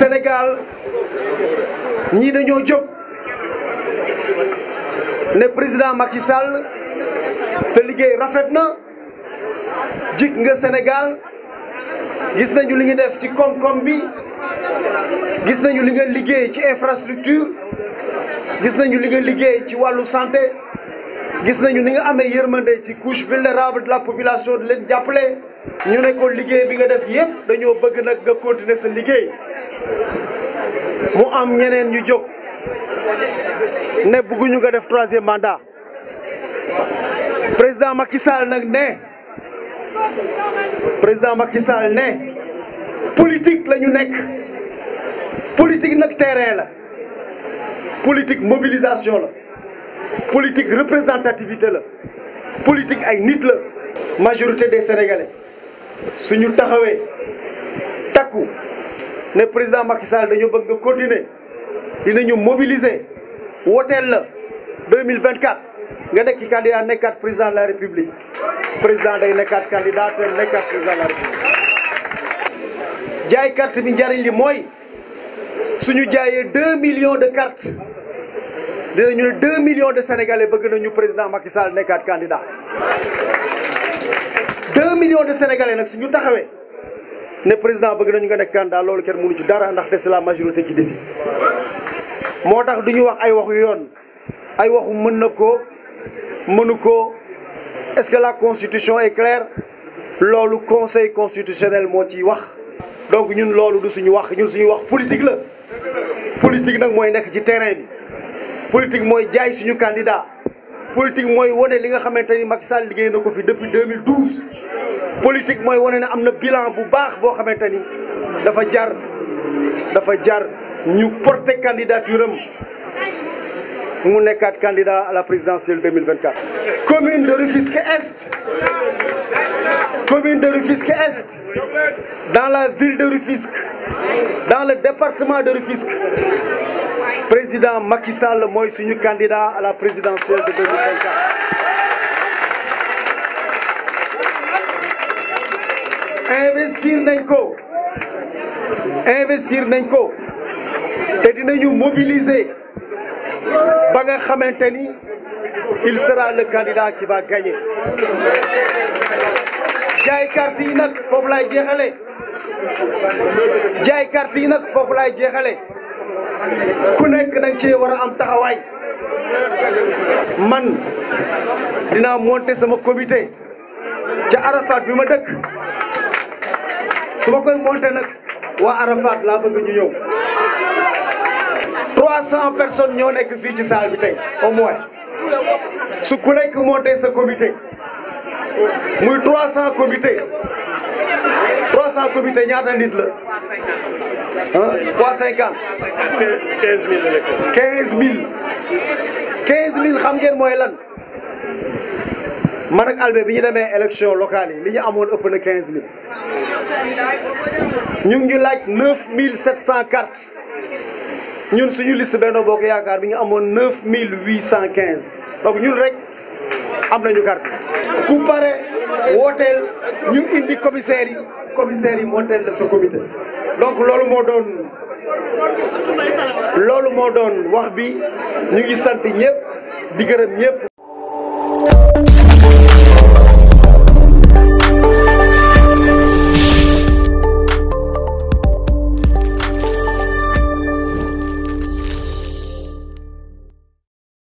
Sénégal ñii dañoo jóg ne président Macky Sall sa liggéey rafet na jig nga Sénégal gis na ñu li nga def ci koom-koom bi gis nañu li nga liggéey ci infrastructure gis nañu li nga liggéey ci wàllu santé gis nañu ni nga amee yërmande ci couche vulnérable de la population di leen jàppale ñu ne liggéey bi nga def yépp dañoo bëgg nag nga continuer sa liggéey mu am ñeneen ñu jog ne bëgguñu ko def troisième mandat président Macky Sall nag ne président Macky Sall ne politique la ñu nekk politique nag terrain la politique mobilisation la politique représentativité la politique ay nit la majorité des sénégalais suñu taxawee. ne président Macky Sall dañoo bëgg nga continuer dinañu mobiliser woteel la 2024 nga nekk candidat nekkaat président de la république président day nekkaat candidat te nekkaat président de la république. jaay carte bi njariñ li mooy suñu jaayee 2 millions de cartes dinañu ne 2 millions de sénégalais bëgg na ñu président Macky Sall nekkaat candidat 2 millions de sénégalais nag ñu taxawee. ne président bëgg nañu nga nekk candidat loolu kenn mënu ci dara ndax c'est la majorité qui décide moo tax du ñu wax ay waxu yoon ay waxu mën na ko mënu ko est-ce que la constitution est loolu conseil constitutionnel moo ciy wax donc ñun loolu du suñu wax ñun suñu wax politique la politique nag mooy nekk ci terrain bi politique mooy jaay suñu candidat politique moy woné li nga Macky Sall depuis 2012. politique moy woné bilan bu baax bo dafa jar dafa jar ñu candidature mu candidat à la présidentielle 2024. commune de Rufisque Est. commune de Rufisque Est, dans la ville de Rufisque, dans le département de Rufisque président Macky Sall moy suñu candidat à la présidentielle de 2024 investir nañ ko investir nañ ko de dinañu mobiliser ba nga xamanteni il sera le candidat qui va gagner J'ai carte yi nag foofu laay jaay carte yi ku nekk da ci cee war a am taxawaay man dinaa monter sama comité ca Arafat bi ma dëkk su ma koy monter nag waa Arafat laa bëgg ñu ñëw 300 personnes ñoo nekk fii ci salle bi tey au su ku nekk monter sa comité muy 300 comité 300 comité ñaata nit la. ah quinze 15000 quinze nekk. 15000 15000 xam ngeen mooy lan man ak Albé bi ñu demee élection locale yi li ñu amoon ëpp na 15000 ñu ngi laaj mille laaj cent cartes ñun suñu liste Benno Bokk Yaakaar bi ñu amoon mille cent 9815 donc ñun rek am nañu carte ku pare wooteel ñu indi commissaire yi commissaire yi monteel la sa comité. donc loolu moo doon loolu moo doon wax bi ñu ngi sant ñëpp di ñëpp